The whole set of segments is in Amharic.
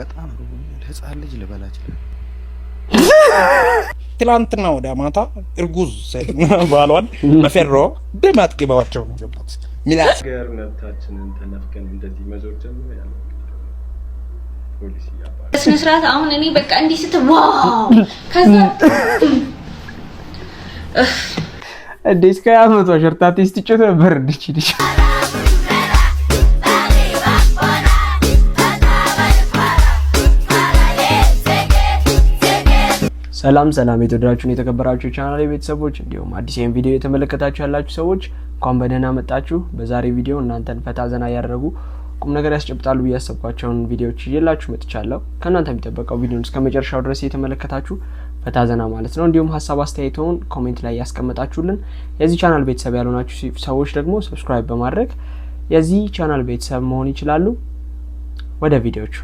በጣም ርቦኛል፣ ህፃን ልጅ ልበላ ይችላል። ትላንትና ወደ ማታ እርጉዝ ባሏን በፌሮ በማጥ ነው ገባት መብታችንን እንደዚህ መዞር ጀምሮ ያለ ስርዓት አሁን እኔ በቃ እንዲህ ስት ዋው ከዛ እንዴት ከያመቷ ሸርታቴ ስትጮት ነበር እንድችልሽ ሰላም ሰላም የተወደዳችሁን የተከበራችሁ ቻናል ቤተሰቦች እንዲሁም አዲስ ይህን ቪዲዮ የተመለከታችሁ ያላችሁ ሰዎች እንኳን በደህና መጣችሁ። በዛሬ ቪዲዮ እናንተን ፈታ ዘና ያደረጉ ቁም ነገር ያስጨብጣሉ እያሰብኳቸውን ቪዲዮዎች እየላችሁ መጥቻለሁ። ከእናንተ የሚጠበቀው ቪዲዮን እስከ መጨረሻው ድረስ የተመለከታችሁ ፈታ ዘና ማለት ነው። እንዲሁም ሀሳብ አስተያየተውን ኮሜንት ላይ ያስቀመጣችሁልን፣ የዚህ ቻናል ቤተሰብ ያልሆናችሁ ሰዎች ደግሞ ሰብስክራይብ በማድረግ የዚህ ቻናል ቤተሰብ መሆን ይችላሉ። ወደ ቪዲዮቹ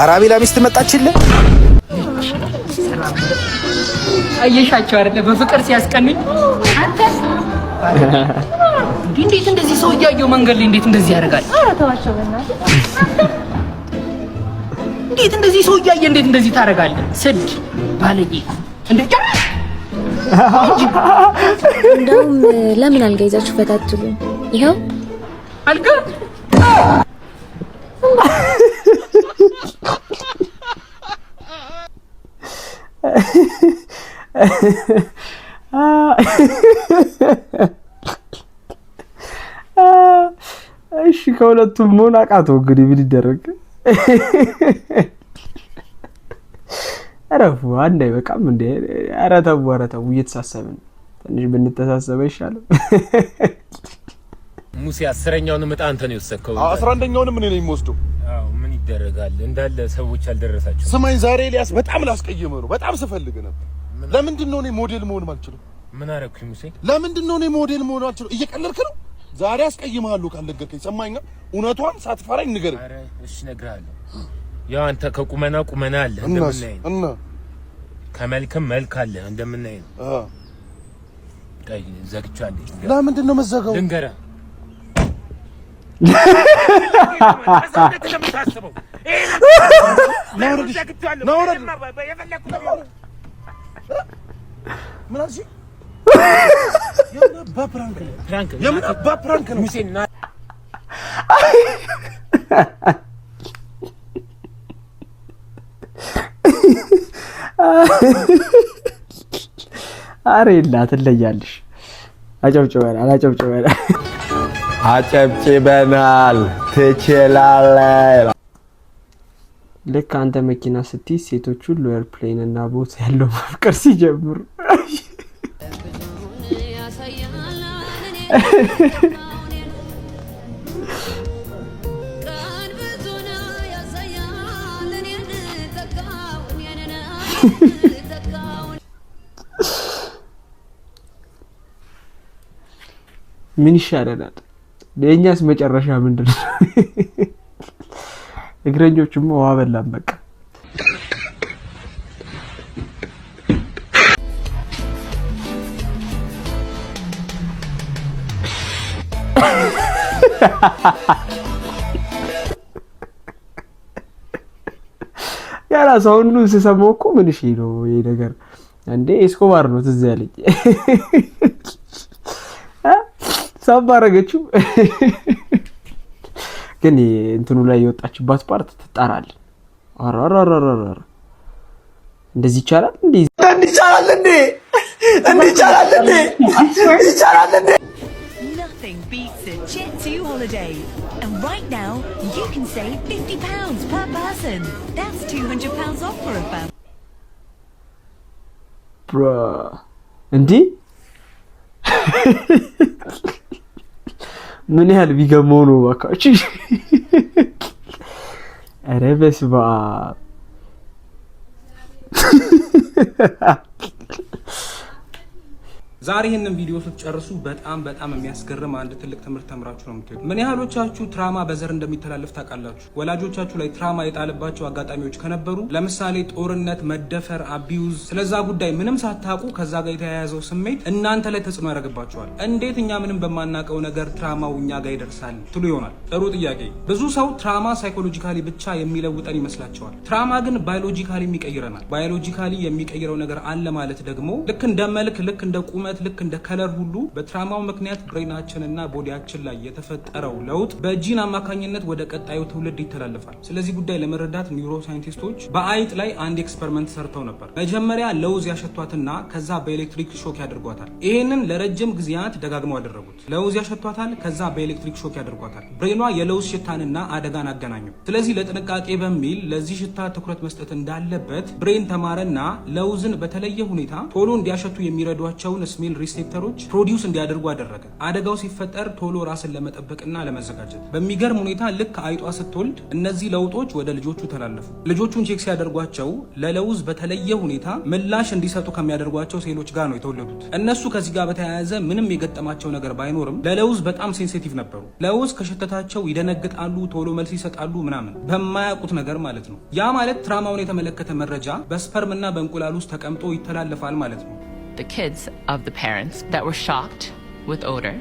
አራቢላ ሚስት መጣችልህ። አየሻቸው አይደለ? በፍቅር ሲያስቀኑኝ አንተ እንዴት እንደዚህ ሰው እያየው መንገድ ላይ እንዴት እንደዚህ ያደርጋል? እንዴት እንደዚህ ሰው እያየ እንዴት እንደዚህ ታደርጋለህ? ስድ ባለጌ እንዴ! እንደውም ለምን አልጋ ይዛችሁ ፈታትሉ? ይኸው አልጋ እሺ ከሁለቱም መሆን አቃቶ እንግዲህ ምን ይደረግ። ረፉ አንድ አይበቃም እንዴ? ኧረ ተው፣ ኧረ ተው። እየተሳሰብን ትንሽ ብንተሳሰበ ይሻላል። ሙሴ አስረኛውንም ዕጣ አንተ ነው የወሰድከው። አስራ አንደኛውንም እኔ ነው የሚወስደው ይደረጋል እንዳለ ሰዎች አልደረሳቸው። ስማኝ፣ ዛሬ ኤልያስ በጣም ላስቀየመ ነው። በጣም ስፈልግ ነበር። ለምንድን ነው እኔ ሞዴል መሆን አልችልም? ምን አረኩኝ ሙሴ? ለምንድን ነው እኔ ሞዴል መሆን አልችልም? እየቀለድክ ነው። ዛሬ አስቀይምሃለሁ ካልነገርከኝ። ሰማኝ፣ እውነቷን ሳትፈራኝ ንገር። አረ እሺ፣ እነግርሃለሁ። ያው አንተ ከቁመና ቁመና አለ እንደምናይ እና ከመልክም መልክ አለ እንደምናይ ነው። አዎ፣ ቀይ ዘግቻለሁ። ለምንድን ነው መዘጋው? ልንገርህ አሬላ ትለያለሽ። አጨብጭበናል፣ አጨብጭበናል። አጨብጭበናል። ትችላለህ። ልክ አንተ መኪና ስትይ ሴቶቹ ሁሉ ኤርፕሌን እና ቦት ያለው ማፍቀር ሲጀምሩ ምን ይሻለናል? የእኛስ መጨረሻ ምንድን ነው? እግረኞቹም ውሃ በላም በቃ ያላ ሰውን ስሰማው እኮ ምን ነው ይሄ ነገር እንዴ? ኤስኮባር ነው ትዝ ያለኝ። ሳብ አደረገችው። ግን እንትኑ ላይ የወጣችባት ፓርት ትጣራለህ። አራራራራራ እንደዚህ ይቻላል እንዴ? ይቻላል እንዴ? ይቻላል እንዴ? ይቻላል እንዴ? Nothing beats a Jet2 holiday. And right now, you can save £50 per person. That's £200 off for a family. Bruh. Indeed? ምን ያህል ቢገመው ነው ባካች። ኧረ በስመ አብ ዛሬ ይህንን ቪዲዮ ስትጨርሱ በጣም በጣም የሚያስገርም አንድ ትልቅ ትምህርት ተምራችሁ ነው የምትሄዱ። ምን ያህሎቻችሁ ትራማ በዘር እንደሚተላለፍ ታውቃላችሁ? ወላጆቻችሁ ላይ ትራማ የጣለባቸው አጋጣሚዎች ከነበሩ ለምሳሌ ጦርነት፣ መደፈር፣ አቢዩዝ፣ ስለዛ ጉዳይ ምንም ሳታውቁ ከዛ ጋር የተያያዘው ስሜት እናንተ ላይ ተጽዕኖ ያደርግባቸዋል። እንዴት እኛ ምንም በማናውቀው ነገር ትራማው እኛ ጋር ይደርሳል ትሉ ይሆናል። ጥሩ ጥያቄ። ብዙ ሰው ትራማ ሳይኮሎጂካሊ ብቻ የሚለውጠን ይመስላቸዋል። ትራማ ግን ባዮሎጂካሊም ይቀይረናል። ባዮሎጂካሊ የሚቀይረው ነገር አለ ማለት ደግሞ ልክ እንደ መልክ ልክ እንደ ቁመ እውነት ልክ እንደ ከለር ሁሉ በትራማው ምክንያት ብሬናችን እና ቦዲያችን ላይ የተፈጠረው ለውጥ በጂን አማካኝነት ወደ ቀጣዩ ትውልድ ይተላለፋል። ስለዚህ ጉዳይ ለመረዳት ኒውሮ ሳይንቲስቶች በአይጥ ላይ አንድ ኤክስፐሪመንት ሰርተው ነበር። መጀመሪያ ለውዝ ያሸቷትና ከዛ በኤሌክትሪክ ሾክ ያደርጓታል። ይህንን ለረጅም ጊዜያት ደጋግመው አደረጉት። ለውዝ ያሸቷታል፣ ከዛ በኤሌክትሪክ ሾክ ያደርጓታል። ብሬኗ የለውዝ ሽታንና አደጋን አገናኙ። ስለዚህ ለጥንቃቄ በሚል ለዚህ ሽታ ትኩረት መስጠት እንዳለበት ብሬን ተማረና ለውዝን በተለየ ሁኔታ ቶሎ እንዲያሸቱ የሚረዷቸውን ስሜል ሪሴፕተሮች ፕሮዲውስ እንዲያደርጉ አደረገ። አደጋው ሲፈጠር ቶሎ ራስን ለመጠበቅና ለመዘጋጀት። በሚገርም ሁኔታ ልክ አይጧ ስትወልድ እነዚህ ለውጦች ወደ ልጆቹ ተላለፉ። ልጆቹን ቼክ ሲያደርጓቸው ለለውዝ በተለየ ሁኔታ ምላሽ እንዲሰጡ ከሚያደርጓቸው ሴሎች ጋር ነው የተወለዱት። እነሱ ከዚህ ጋር በተያያዘ ምንም የገጠማቸው ነገር ባይኖርም ለለውዝ በጣም ሴንሲቲቭ ነበሩ። ለውዝ ከሸተታቸው ይደነግጣሉ፣ ቶሎ መልስ ይሰጣሉ፣ ምናምን በማያውቁት ነገር ማለት ነው። ያ ማለት ትራማውን የተመለከተ መረጃ በስፐርምና በእንቁላል ውስጥ ተቀምጦ ይተላለፋል ማለት ነው። the kids of the parents that were shocked with odor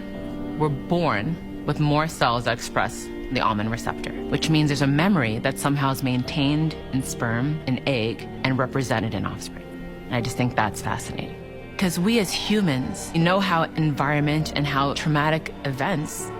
were born with more cells that express the almond receptor, which means there's a memory that somehow is maintained in sperm and egg and represented in offspring. And I just think that's fascinating. Because we as humans know how environment and how traumatic events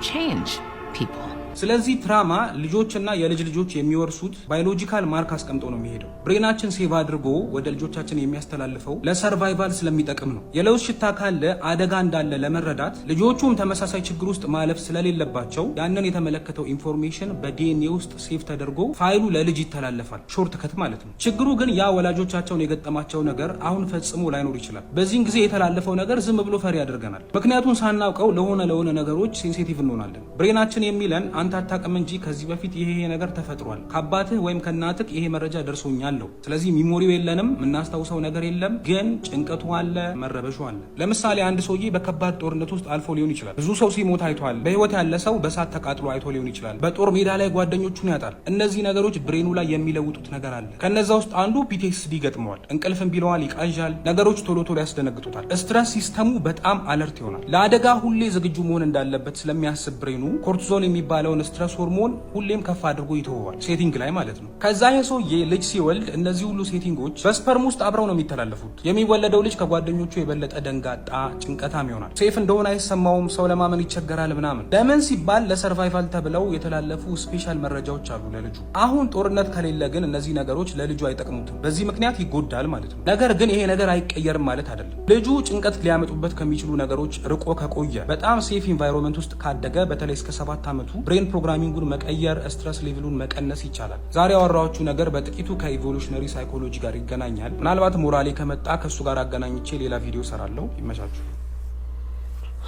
change people. ስለዚህ ትራማ ልጆችና የልጅ ልጆች የሚወርሱት ባዮሎጂካል ማርክ አስቀምጦ ነው የሚሄደው። ብሬናችን ሴቭ አድርጎ ወደ ልጆቻችን የሚያስተላልፈው ለሰርቫይቫል ስለሚጠቅም ነው። የለውዝ ሽታ ካለ አደጋ እንዳለ ለመረዳት ልጆቹም ተመሳሳይ ችግር ውስጥ ማለፍ ስለሌለባቸው ያንን የተመለከተው ኢንፎርሜሽን በዲኤንኤ ውስጥ ሴቭ ተደርጎ ፋይሉ ለልጅ ይተላለፋል። ሾርት ከት ማለት ነው። ችግሩ ግን ያ ወላጆቻቸውን የገጠማቸው ነገር አሁን ፈጽሞ ላይኖር ይችላል። በዚህን ጊዜ የተላለፈው ነገር ዝም ብሎ ፈሪ ያደርገናል። ምክንያቱም ሳናውቀው ለሆነ ለሆነ ነገሮች ሴንሲቲቭ እንሆናለን። ብሬናችን የሚለን አንተ አታውቅም እንጂ ከዚህ በፊት ይሄ ነገር ተፈጥሯል፣ ከአባትህ ወይም ከእናትህ ይሄ መረጃ ደርሶኛል ስለዚህ ሚሞሪው የለንም፣ የምናስታውሰው ነገር የለም፣ ግን ጭንቀቱ አለ፣ መረበሹ አለ። ለምሳሌ አንድ ሰውዬ በከባድ ጦርነት ውስጥ አልፎ ሊሆን ይችላል። ብዙ ሰው ሲሞት አይቷል። በህይወት ያለ ሰው በሳት ተቃጥሎ አይቶ ሊሆን ይችላል። በጦር ሜዳ ላይ ጓደኞቹን ያጣል። እነዚህ ነገሮች ብሬኑ ላይ የሚለውጡት ነገር አለ። ከነዛ ውስጥ አንዱ ፒቴስዲ ይገጥመዋል። እንቅልፍም ቢለዋል፣ ይቃዣል። ነገሮች ቶሎ ቶሎ ያስደነግጡታል። ስትረስ ሲስተሙ በጣም አለርት ይሆናል። ለአደጋ ሁሌ ዝግጁ መሆን እንዳለበት ስለሚያስብ ብሬኑ ኮርቲዞን የሚባለው የሚባለውን ስትረስ ሆርሞን ሁሌም ከፍ አድርጎ ይተወዋል፣ ሴቲንግ ላይ ማለት ነው። ከዛ ይሄ ልጅ ሲወልድ እነዚህ ሁሉ ሴቲንጎች በስፐርም ውስጥ አብረው ነው የሚተላለፉት። የሚወለደው ልጅ ከጓደኞቹ የበለጠ ደንጋጣ፣ ጭንቀታም ይሆናል። ሴፍ እንደሆነ አይሰማውም፣ ሰው ለማመን ይቸገራል ምናምን። ለምን ሲባል ለሰርቫይቫል ተብለው የተላለፉ ስፔሻል መረጃዎች አሉ ለልጁ። አሁን ጦርነት ከሌለ ግን እነዚህ ነገሮች ለልጁ አይጠቅሙትም። በዚህ ምክንያት ይጎዳል ማለት ነው። ነገር ግን ይሄ ነገር አይቀየርም ማለት አይደለም። ልጁ ጭንቀት ሊያመጡበት ከሚችሉ ነገሮች ርቆ ከቆየ በጣም ሴፍ ኢንቫይሮንመንት ውስጥ ካደገ በተለይ እስከ ሰባት ዓመቱ ብሬን ብሬን ፕሮግራሚንጉን መቀየር፣ ስትረስ ሌቭሉን መቀነስ ይቻላል። ዛሬ ያወራችሁ ነገር በጥቂቱ ከኢቮሉሽነሪ ሳይኮሎጂ ጋር ይገናኛል። ምናልባት ሞራሌ ከመጣ ከእሱ ጋር አገናኝቼ ሌላ ቪዲዮ ሰራለሁ። ይመቻችሁ።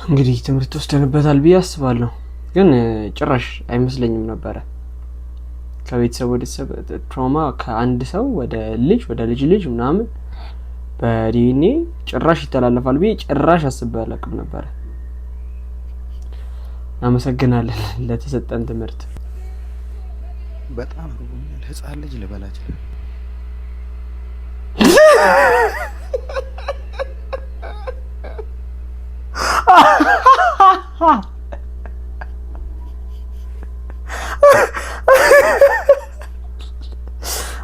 እንግዲህ ትምህርት ወስደንበታል ብዬ አስባለሁ፣ ግን ጭራሽ አይመስለኝም ነበረ ከቤተሰብ ወደ ቤተሰብ ትራውማ ከአንድ ሰው ወደ ልጅ ወደ ልጅ ልጅ ምናምን በዲኤንኤ ጭራሽ ይተላለፋል ብዬ ጭራሽ አስቤ አላቅም ነበረ። አመሰግናለን ለተሰጠን ትምህርት። በጣም ርቦኛል፣ ህፃን ልጅ ልበላ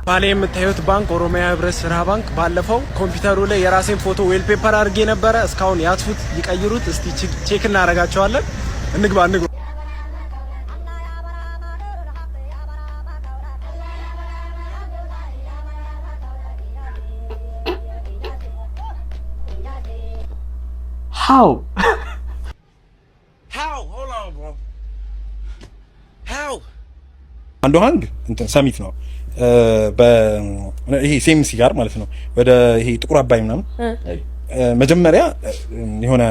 ባሌ የምታዩት ባንክ ኦሮሚያ ህብረት ስራ ባንክ ባለፈው ኮምፒውተሩ ላይ የራሴን ፎቶ ዌልፔፐር አድርጌ ነበረ። እስካሁን ያጥፉት ይቀይሩት። እስቲ ቼክ እናደርጋቸዋለን። እንግባ እንግባ። ሃው አንዱ ሀንግ እንትን ሰሚት ነው በይሄ ሴም ሲጋር ማለት ነው። ወደ ይሄ ጥቁር አባይ ምናምን መጀመሪያ የሆነ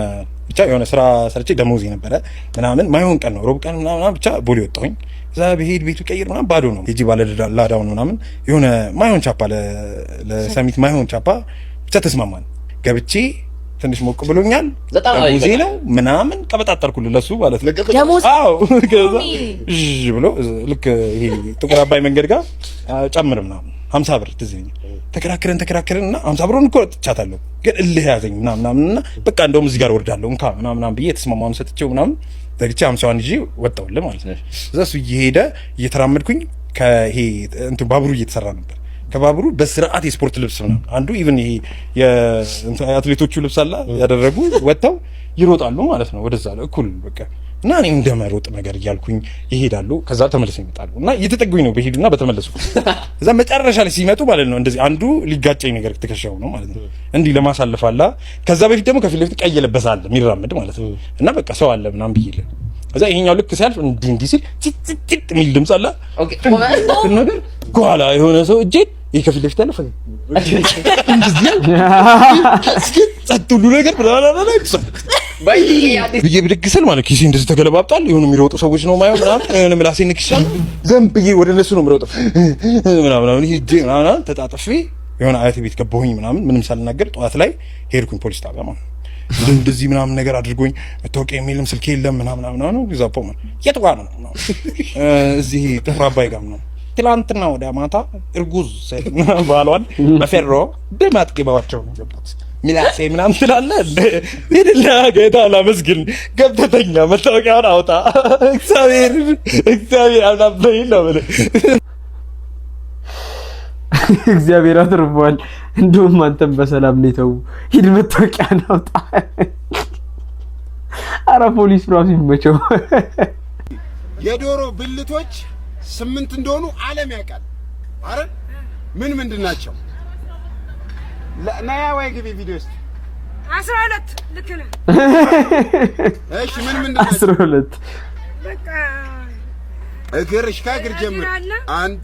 ብቻ የሆነ ስራ ሰርቼ ደሞዝ ነበረ ምናምን ማይሆን ቀን ነው ሮብ ቀን ምናምን ብቻ ቦሌ ወጣሁኝ። እዛ ብሄድ ቤቱ ቀይር ምናምን ባዶ ነው ባለ ላዳውን ምናምን የሆነ ማይሆን ቻፓ ለሰሚት ማይሆን ቻፓ ብቻ ተስማማን ገብቼ ትንሽ ሞቅ ብሎኛል፣ ጉዜ ነው ምናምን ቀበጣጠርኩልህ ለሱ ማለት ነው። አዎ ከዛ ብሎ ልክ ይሄ ጥቁር አባይ መንገድ ጋር ጨምር ምናምን ሀምሳ ብር ትዝ ይለኛል። ተከራክረን ተከራክረን እና ሀምሳ ብሩን እኮ ጥቻታለሁ፣ ግን እልህ ያዘኝ ምናምን ምናምን እና በቃ እንደውም እዚህ ጋር ወርዳለሁ እንካ ምናምን ምናምን ብዬ የተስማማውን ሰጥቼው ምናምን ዘግቼ ሀምሳዋን ይዤ ወጣሁልህ ማለት ነው። እዛ እሱ እየሄደ እየተራመድኩኝ ከይሄ እንትን ባቡሩ እየተሰራ ነበር ከባብሩ በስርዓት የስፖርት ልብስ ነው አንዱ ኢቭን ይሄ የአትሌቶቹ ልብስ አላ ያደረጉ ወጥተው ይሮጣሉ ማለት ነው። ወደዛ እኩል በቃ እና እኔ እንደመሮጥ ነገር እያልኩኝ ይሄዳሉ። ከዛ ተመልሰው ይመጣሉ እና እየተጠጉኝ ነው በሄዱና በተመለሱ እዛ መጨረሻ ላይ ሲመጡ ማለት ነው እንደዚህ አንዱ ሊጋጨኝ ነገር ትከሻው ነው ማለት ነው እንዲህ ለማሳለፍ አላ ከዛ በፊት ደግሞ ከፊት ለፊት ቀይ የለበሰ አለ የሚራመድ ማለት ነው እና በቃ ሰው አለ ምናምን ብዬ ከዛ ይሄኛው ልክ ሲያልፍ እንዲህ እንዲ ሲል ጭጭጭጭ የሚል ድምጽ አለ። ኦኬ ነገር ከኋላ የሆነ ሰው እጄ ከፊት ለፊት ያለፈ ጸጥ ሁሉ ነገር ብዬ ብድግ ስል ማለት ኪሴ እንደዚህ ተገለባብጣል። የሆኑ የሚሮጡ ሰዎች ነው ማየው ምናምን ምላሴ ንክሻል። ዘም ብዬ ወደ እነሱ ነው የምሮጠው ምናምን ሂጅ ምናምን ተጣጥፌ የሆነ አያት ቤት ገባሁኝ ምናምን ምንም ሳልናገር ጠዋት ላይ ሄድኩኝ ፖሊስ ጣቢያ ማለት ነው። እንደዚህ ምናምን ነገር አድርጎኝ መታወቂያ የሚልም ስልክ የለም ምናምን ምናምን ነው። ዛ ፖመን የት ጋር ነው? እዚህ ጥፍር አባይ ጋር ነው። ትላንትና ወደ ማታ እርጉዝ ባሏን በፌሮ በማጥቂባቸው ነው ገባት። ሚላሴ ምናምን ትላለህ። ሄድና ጌታ ላመስግን ገብተተኛ መታወቂያውን አውጣ እግዚአብሔር እግዚአብሔር አላበይ ነው እግዚአብሔር አትርፏል። እንደውም አንተም በሰላም ነው የተው። ሂድ መታወቂያ ናውጣ። አረ ፖሊስ ራሱ ይመቸው። የዶሮ ብልቶች ስምንት እንደሆኑ ዓለም ያውቃል። አረ ምን ምንድን ናቸው? ናያ ወይ ግቢ ቪዲዮ ስ አስራ ሁለት ልክ ነህ። እሺ ምን ምንድን ናቸው? አስራ ሁለት እግር እሽካ እግር ጀምር አንድ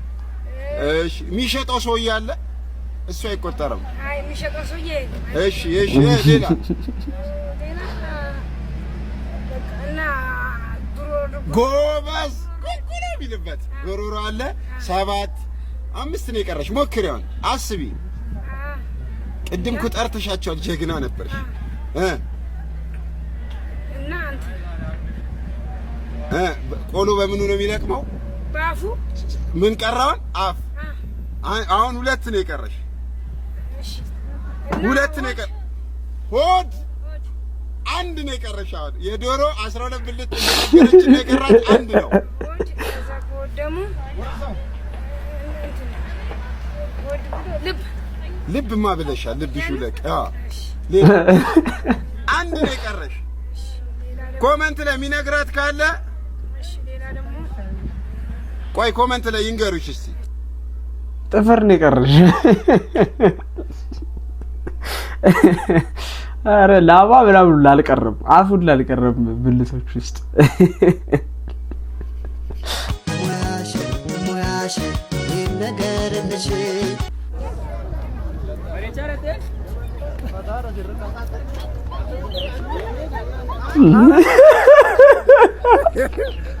እሺ፣ የሚሸጠው ሰውዬ አለ። እሱ አይቆጠርም። አይ፣ የሚሸጠው ሰውዬ እሺ፣ እሺ፣ ሌላ ጎበዝ ጉጉና ቢልበት ጎሮሮ አለ። ሰባት አምስት ነው የቀረሽ። ሞክሪውን አስቢ። ቅድም ኩጠር ተሻቸዋል። ጀግና ነበርሽ እ እና ቆሎ በምኑ ነው የሚለቅመው? በአፉ ምን ቀረውን? አፍ አሁን ሁለት ነው የቀረሽ። ሁለት ነው የቀረ ሆድ አንድ ነው የቀረሽ። አሁን የዶሮ 12 ብልት የቀራች አንድ ነው። ልብማ ብለሻል። ልብሽ ይውለቅ። አንድ ነው የቀረሽ። ኮመንት ላይ ካለ ቆይ ኮመንት ላይ ይንገሩሽ እስቲ። ጥፍር ነው የቀረሽ። አረ ላባ ምናምን ላልቀረም አፉን ላልቀረም ብልቶች ውስጥ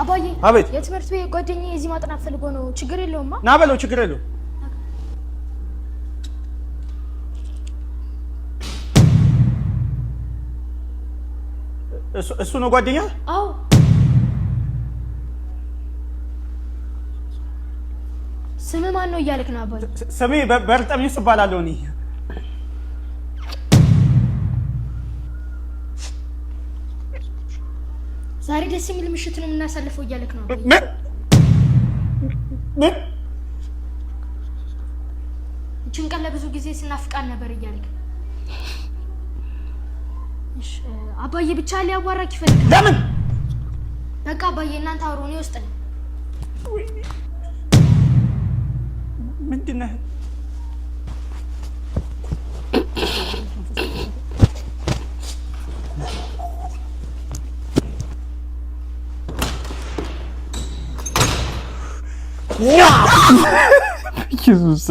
አባዬ አቤት። የትምህርት ቤት ጓደኛዬ እዚህ ማጥናት ፈልጎ ነው። ችግር የለውማ። ና በለው። ችግር የለው። እሱ ነው ጓደኛ? አዎ። ስም ማን ነው እያልክ ነው አባዬ? ስሜ በርጠሚስ እባላለሁ እኔ ዛሬ ደስ የሚል ምሽት ነው የምናሳልፈው እያለክ ነው። ይችን ቀን ለብዙ ጊዜ ስናፍቃን ነበር እያልክ አባዬ ብቻ ሊያዋራክ ይፈልግ። ለምን? በቃ አባዬ እናንተ አውሮ እኔ ውስጥ ነው ምንድነው ኢየሱስ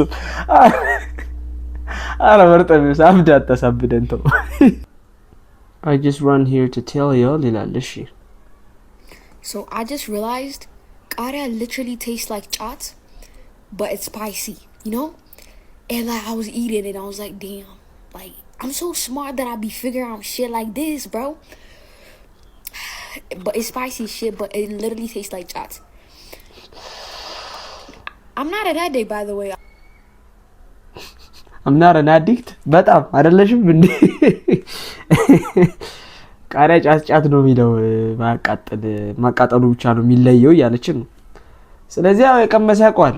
አረ አብድ አታሳብደን ተው። I just run here to tell y'all ይላል። እሺ So I just realized ቃሪያ literally tastes like ጫት but it's spicy, you know? And like I was eating it, I was like, damn, like I'm so smart that I be figuring out shit like this, bro. But it's spicy shit, but it literally tastes like ጫት I'm not an addict, by the way. I'm not an addict? በጣም አይደለሽም እንዴ? ቃሪያ ጫት ጫት ነው የሚለው ማቃጠል ማቃጠሉ ብቻ ነው የሚለየው እያለችን ነው። ስለዚህ ያው የቀመሰ ያውቀዋል።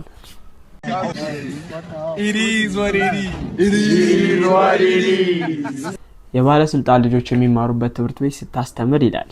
የባለስልጣን ልጆች የሚማሩበት ትምህርት ቤት ስታስተምር ይላል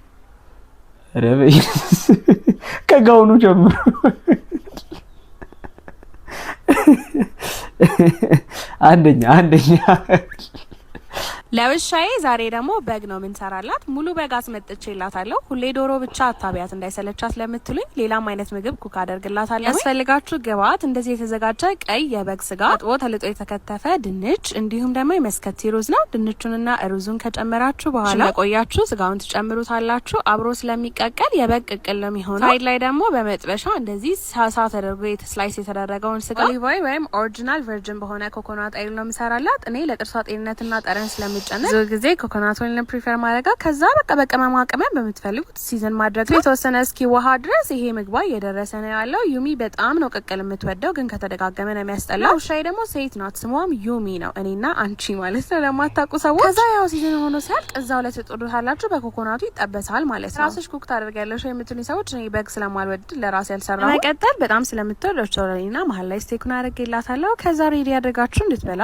ረበይ ከጋውኑ ጀምሮ አንደኛ አንደኛ ለውሻዬ ዛሬ ደግሞ በግ ነው የምንሰራላት። ሙሉ በግ አስመጥቼላታለሁ። ሁሌ ዶሮ ብቻ አታቢያት እንዳይሰለቻት ለምትሉኝ ሌላም አይነት ምግብ ኩክ አደርግላታለሁ። ያስፈልጋችሁ ግብአት እንደዚህ የተዘጋጀ ቀይ የበግ ስጋ አጥቦ ተልጦ የተከተፈ ድንች፣ እንዲሁም ደግሞ የመስከቲ ሩዝ ነው። ድንቹንና ሩዙን ከጨመራችሁ በኋላ ቆያችሁ ስጋውን ትጨምሩታላችሁ። አብሮ ስለሚቀቀል የበግ ቅቅል ነው የሚሆነው። ሳይድ ላይ ደግሞ በመጥበሻ እንደዚህ ሳሳ ተደርጎ ስላይስ የተደረገውን ስጋ ኦሊቭ ኦይል ወይም ኦሪጂናል ቨርጅን በሆነ ኮኮናት አይል ነው የምሰራላት። እኔ ለጥርሷ ጤንነትና ጠረን ስለሚ ምርጫነት ብዙ ጊዜ ኮኮናት ኦይል ነው ፕሪፈር ማድረጋ። ከዛ በቃ በቅመማ ቅመም በምትፈልጉት ሲዝን ማድረግ የተወሰነ እስኪ ውሃ ድረስ ይሄ ምግቧ እየደረሰ ነው ያለው። ዩሚ በጣም ነው ቅቅል የምትወደው፣ ግን ከተደጋገመ ነው የሚያስጠላ። ውሻዬ ደግሞ ሴት ናት፣ ስሟም ዩሚ ነው። እኔና አንቺ ማለት ነው ለማታውቁ ሰዎች። ከዛ ያው ሲዝን ሆኖ ሲያልቅ እዛው ላይ ትጥዱታላችሁ፣ በኮኮናቱ ይጠበሳል ማለት ነው። ራስሽ ኩክ ታደርጊያለሽ የምትሉኝ ሰዎች እኔ በግ ስለማልወድ ለራሴ ያልሰራ መቀጠል በጣም ስለምትወደው ቾሎኒና መሀል ላይ ስቴኩን አደርግላታለሁ። ከዛ ሬዲ ያደርጋችሁ እንድትበላ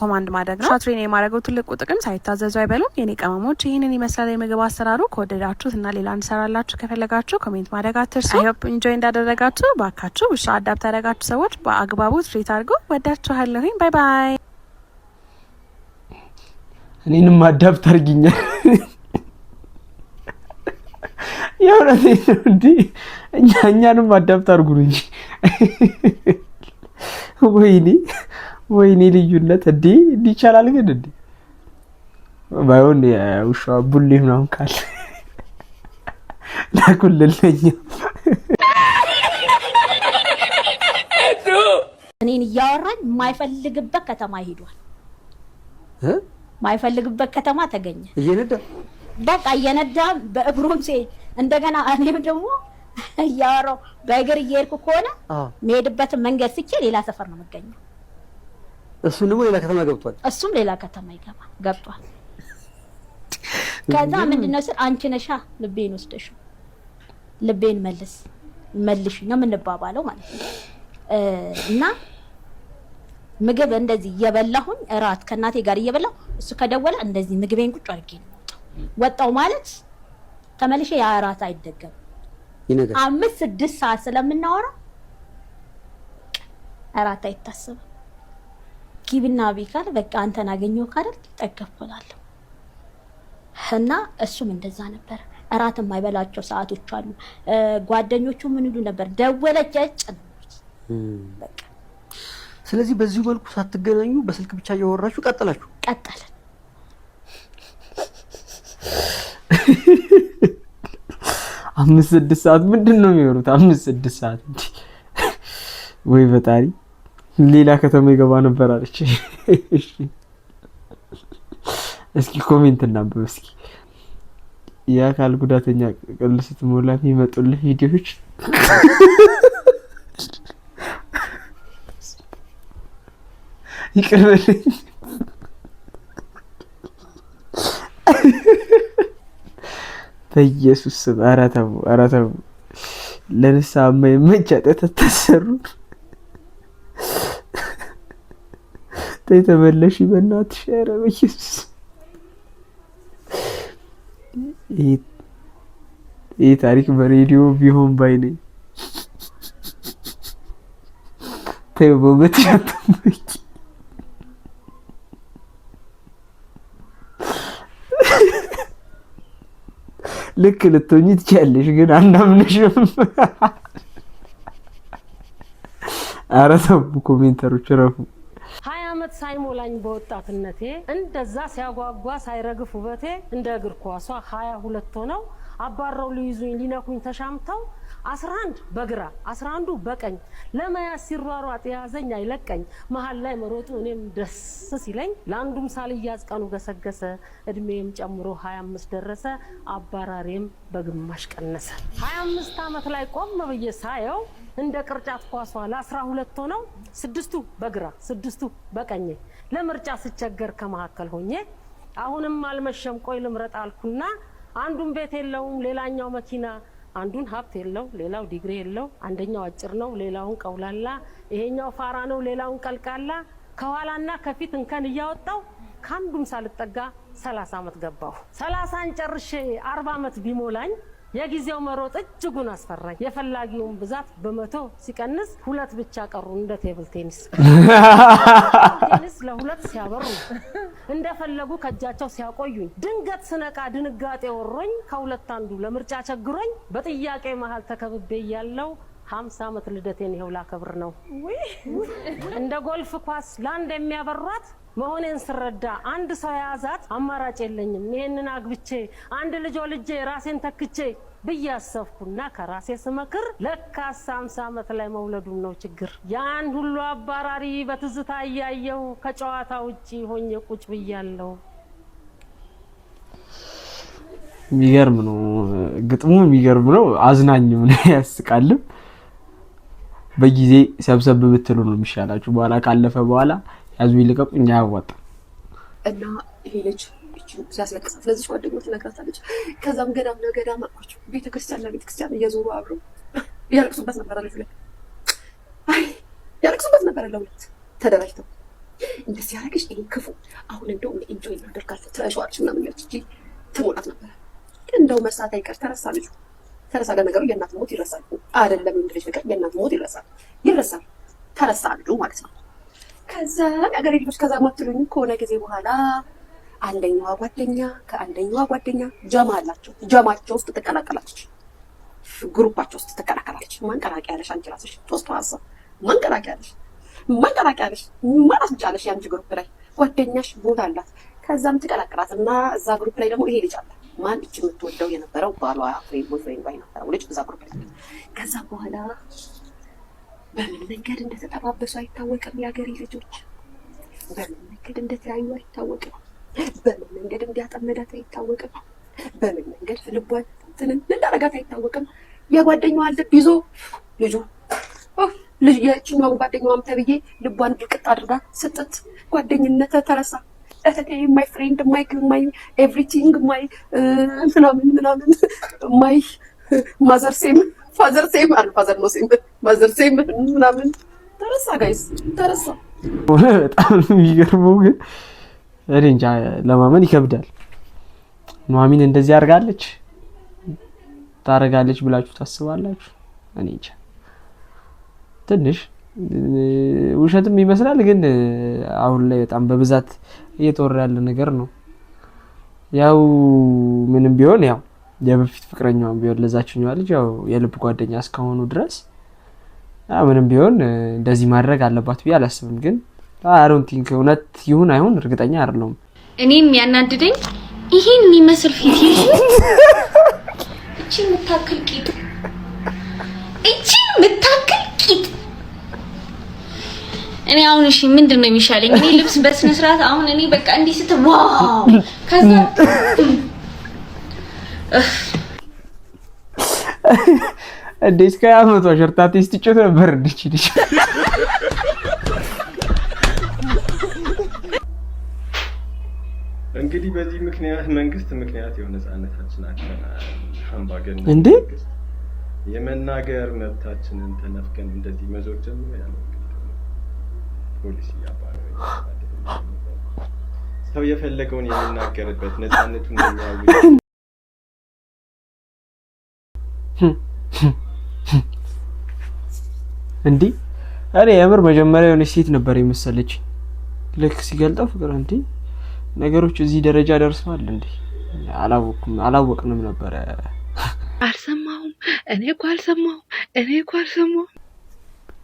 ኮማንድ ማድረግ ነው። ሻትሬን የማድረገው ትልቁ ጥቅም ሳይታዘዙ አይበሉም። የኔ ቀመሞች ይህንን ይመስላል የምግብ አሰራሩ። ከወደዳችሁት እና ሌላ እንሰራላችሁ ከፈለጋችሁ ኮሜንት ማድረግ አትርሱ። አይሆፕ እንጆይ እንዳደረጋችሁ ባካችሁ ውሻ አዳፕት ያደረጋችሁ ሰዎች በአግባቡ ትሪት አድርጎ ወዳችኋለሁኝ። ባይ ባይ። እኔንም አዳፕት አድርጊኛል የእውነት እንዲ እንዲህ እኛንም አዳፕት አድርጉ እንጂ ወይኔ ወይኔ ልዩነት እዲ እዲ ይቻላል ግን እዲ ባይሆን ውሻዋ ቡሌ ምናምን ካለ ላኩልልኝ። እኔን እያወራኝ የማይፈልግበት ከተማ ሄዷል። የማይፈልግበት ከተማ ተገኘ። እየነዳ በቃ እየነዳ በእግሩም ሴ እንደገና እኔም ደግሞ እያወራሁ በእግር እየሄድኩ ከሆነ የሚሄድበትን መንገድ ስቼ ሌላ ሰፈር ነው የምገኘው። እሱም ደግሞ ሌላ ከተማ ገብቷል። እሱም ሌላ ከተማ ይገባ ገብቷል። ከዛ ምንድነው ስል አንቺ ነሻ ልቤን ወስደሽ ልቤን መልስ መልሽ ነው የምንባባለው ማለት ነው። እና ምግብ እንደዚህ እየበላሁኝ እራት ከእናቴ ጋር እየበላሁ እሱ ከደወለ እንደዚህ ምግቤን ቁጭ አድርጌ ነው ወጣው ማለት ተመልሼ ያ እራት አይደገም። አምስት ስድስት ሰዓት ስለምናወራ እራት አይታሰብም። ጊብና ቢካል በቃ አንተን አገኘው ካደል ይጠገፍላለሁ። እና እሱም እንደዛ ነበር። እራት የማይበላቸው ሰዓቶች አሉ። ጓደኞቹ ምን ይሉ ነበር? ደወለች ያጭ ስለዚህ በዚሁ መልኩ ሳትገናኙ በስልክ ብቻ እያወራችሁ ቀጠላችሁ? ቀጠልን። አምስት ስድስት ሰዓት ምንድን ነው የሚወሩት? አምስት ስድስት ሰዓት ወይ ፈጣሪ ሌላ ከተማ ይገባ ነበር አለች። እስኪ ኮሜንት እናብብ። እስኪ የአካል ጉዳተኛ ቅል ስትሞላ የሚመጡልህ ቪዲዮዎች ይቅርበልኝ። በኢየሱስ ስም ኧረ ተው ለንሳ ተው። ለንስሐ የማይመች ኃጢአት አታሰሩ። የተመለሽ በእናትሽ ኧረ በኢየሱስ ይህ ታሪክ በሬዲዮ ቢሆን ባይ ነኝ። ተይው በእውነት ያጠመቂ ልክ ልትሆኚ ትችያለሽ፣ ግን አናምነሽም። ኧረ ተው ኮሜንተሮች ረፉ። ዓመት ሳይሞላኝ በወጣትነቴ እንደዛ ሲያጓጓ ሳይረግፍ ውበቴ እንደ እግር ኳሷ ሀያ ሁለት ሆነው አባረው ሊይዙኝ ሊነኩኝ ተሻምተው አስራ አንድ በግራ አስራ አንዱ በቀኝ ለመያዝ ሲሯሯጥ የያዘኝ አይለቀኝ መሀል ላይ መሮጡ እኔም ደስ ሲለኝ ለአንዱም ሳልያዝ ቀኑ ገሰገሰ እድሜም ጨምሮ ሀያ አምስት ደረሰ አባራሬም በግማሽ ቀነሰ ሀያ አምስት ዓመት ላይ ቆም ብዬ ሳየው እንደ ቅርጫት ኳሷ ለአስራ ሁለት ሆነው ስድስቱ በግራ ስድስቱ በቀኝ ለምርጫ ስቸገር ከመካከል ሆኜ አሁንም አልመሸም ቆይ ልምረጥ አልኩና አንዱም ቤት የለውም ሌላኛው መኪና አንዱን ሀብት የለው፣ ሌላው ዲግሪ የለው፣ አንደኛው አጭር ነው፣ ሌላውን ቀውላላ፣ ይሄኛው ፋራ ነው፣ ሌላውን ቀልቃላ፣ ከኋላና ከፊት እንከን እያወጣው ከአንዱም ሳልጠጋ ሰላሳ አመት ገባሁ። ሰላሳን ጨርሼ አርባ አመት ቢሞላኝ የጊዜው መሮጥ እጅጉን አስፈራኝ። የፈላጊውን ብዛት በመቶ ሲቀንስ ሁለት ብቻ ቀሩ። እንደ ቴብል ቴኒስ ቴኒስ ለሁለት ሲያበሩ እንደፈለጉ ከእጃቸው ሲያቆዩኝ ድንገት ስነቃ ድንጋጤ ወሮኝ ከሁለት አንዱ ለምርጫ ቸግሮኝ በጥያቄ መሀል ተከብቤ እያለው ሀምሳ ዓመት ልደቴን ይኸው ላከብር ነው። እንደ ጎልፍ ኳስ ለአንድ የሚያበሯት መሆኔን ስረዳ አንድ ሰው የያዛት አማራጭ የለኝም። ይህንን አግብቼ አንድ ልጅ ወልጄ ራሴን ተክቼ ብያሰብኩና ከራሴ ስመክር ለካስ ሃምሳ ዓመት ላይ መውለዱም ነው ችግር። ያን ሁሉ አባራሪ በትዝታ እያየው ከጨዋታ ውጪ ሆኜ ቁጭ ብያለሁ። የሚገርም ነው ግጥሙ፣ የሚገርም ነው አዝናኝም ነው ያስቃልም። በጊዜ ሰብሰብ ብትሉ ነው የሚሻላችሁ። በኋላ ካለፈ በኋላ ያዙ እኛ አያዋጣም እና ይሄ ልጅ አይችሉም ሲያስለቅሳት ለዚች ጓደኛው ትነግራታለች። ከዛም ገዳም ነው ገዳም አልኳቸው። ቤተክርስቲያን ለቤተክርስቲያን እየዞሩ አብረው ያለቅሱበት ነበረ አለች። ላይ አይ ያለቅሱበት ነበረ ለሁለት ተደራጅተው እንደዚህ ያደረገች ይህ ክፉ አሁን እንደው ኢንጆይ እናደርጋለን ትረሸዋለች ምናምን ያለች እ ትሞላት ነበረ። ግን እንደው መርሳት አይቀር ተረሳ ልጁ ተረሳ። ለነገሩ የእናት ሞት ይረሳል አይደለም? የወንድ ልጅ ነገር የእናት ሞት ይረሳል ይረሳል ተረሳ ልጁ ማለት ነው። ከዛ የአገሬ ልጆች ከዛ ማትሉኝ ከሆነ ጊዜ በኋላ አንደኛዋ ጓደኛ ከአንደኛዋ ጓደኛ ጀማ አላቸው። ጀማቸው ውስጥ ትቀላቀላለች፣ ግሩፓቸው ውስጥ ትቀላቀላለች። ያለሽ አንቺ ራስሽ ሶስቱ ሀሳብ ያለሽ ማንቀላቀያለሽ ማለት ብቻለሽ። የአንቺ ግሩፕ ላይ ጓደኛሽ ቦታ አላት። ከዛም ትቀላቀላት እና እዛ ግሩፕ ላይ ደግሞ ይሄ ልጅ አለ ማን እች የምትወደው የነበረው ባሏ ፍሬ ቦይፍሬንድ ባይ ነበረው ልጅ እዛ ግሩፕ ላይ ከዛ በኋላ በምን መንገድ እንደተጠባበሱ አይታወቅም። የሀገሬ ልጆች በምን መንገድ እንደተለያዩ አይታወቅም። በምን መንገድ እንዲያጠመዳት አይታወቅም። በምን መንገድ ልቧን ትንን እንዳረጋት አይታወቅም። የጓደኛዋን ልብ ይዞ ልጁ የችኛውን ጓደኛዋም ተብዬ ልቧን ድቅጥ አድርጋ ስጥት። ጓደኝነት ተረሳ። ማይ ፍሬንድ ማይ ማይ ኤቭሪቲንግ ማይ ምናምን ምናምን ማይ ማዘር ሴም ፋዘር ሴም አ ፋዘር ነው ሴም ማዘር ሴም ምናምን ተረሳ። ጋይስ ተረሳ። በጣም የሚገርመው ግን እኔ እንጃ ለማመን ይከብዳል። ኑሐሚን እንደዚህ አድርጋለች ታደርጋለች ብላችሁ ታስባላችሁ? እኔ እንጃ ትንሽ ውሸትም ይመስላል፣ ግን አሁን ላይ በጣም በብዛት እየተወራ ያለ ነገር ነው። ያው ምንም ቢሆን ያው የበፊት ፍቅረኛዋም ቢሆን ለዛችኛዋ ልጅ ያው የልብ ጓደኛ እስከሆኑ ድረስ ምንም ቢሆን እንደዚህ ማድረግ አለባት ብዬ አላስብም ግን አሮን ቲንክ እውነት ይሁን አይሁን እርግጠኛ አይደለሁም። እኔም ያናድደኝ ይሄን የሚመስል ፊት እቺ የምታክል ቂጥ እቺ የምታክል ቂጥ እኔ አሁን እሺ ምንድን ነው የሚሻለኝ? እኔ ልብስ በስነ ስርዓት አሁን እኔ በቃ እንዲህ ስት ዋው ከዛ እንዴ እስከ አመቷ ሸርታቴ ስትጮት ነበር እንዲችልሽ እንግዲህ በዚህ ምክንያት መንግስት ምክንያት የሆነ ነፃነታችን አጥተናል። እንዴ የመናገር መብታችንን ተነፍገን እንደዚህ መዞር ጀምሮ ያለው ፖሊሲ ሰው የፈለገውን የሚናገርበት ነፃነቱን የሚያውጅ እንዲ እኔ የምር መጀመሪያ የሆነች ሴት ነበር የመሰለች ልክ ሲገልጠው ፍቅር እንዲህ ነገሮች እዚህ ደረጃ ደርሰዋል እንዴ? አላወቅም አላወቅንም ነበረ። አልሰማሁም። እኔ እኮ አልሰማሁም። እኔ እኮ አልሰማሁም።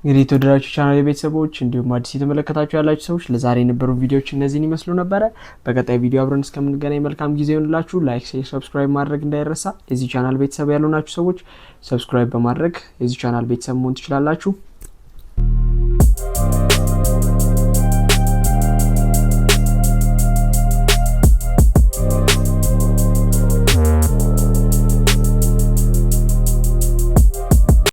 እንግዲህ የተወደዳችሁ ቻናል ቤተሰቦች እንዲሁም አዲስ የተመለከታችሁ ያላችሁ ሰዎች ለዛሬ የነበሩ ቪዲዮዎች እነዚህን ይመስሉ ነበረ። በቀጣይ ቪዲዮ አብረን እስከምንገናኝ መልካም ጊዜ ይሆንላችሁ። ላይክ፣ ሼር፣ ሰብስክራይብ ማድረግ እንዳይረሳ። የዚህ ቻናል ቤተሰብ ያልሆናችሁ ሰዎች ሰብስክራይብ በማድረግ የዚህ ቻናል ቤተሰብ መሆን ትችላላችሁ።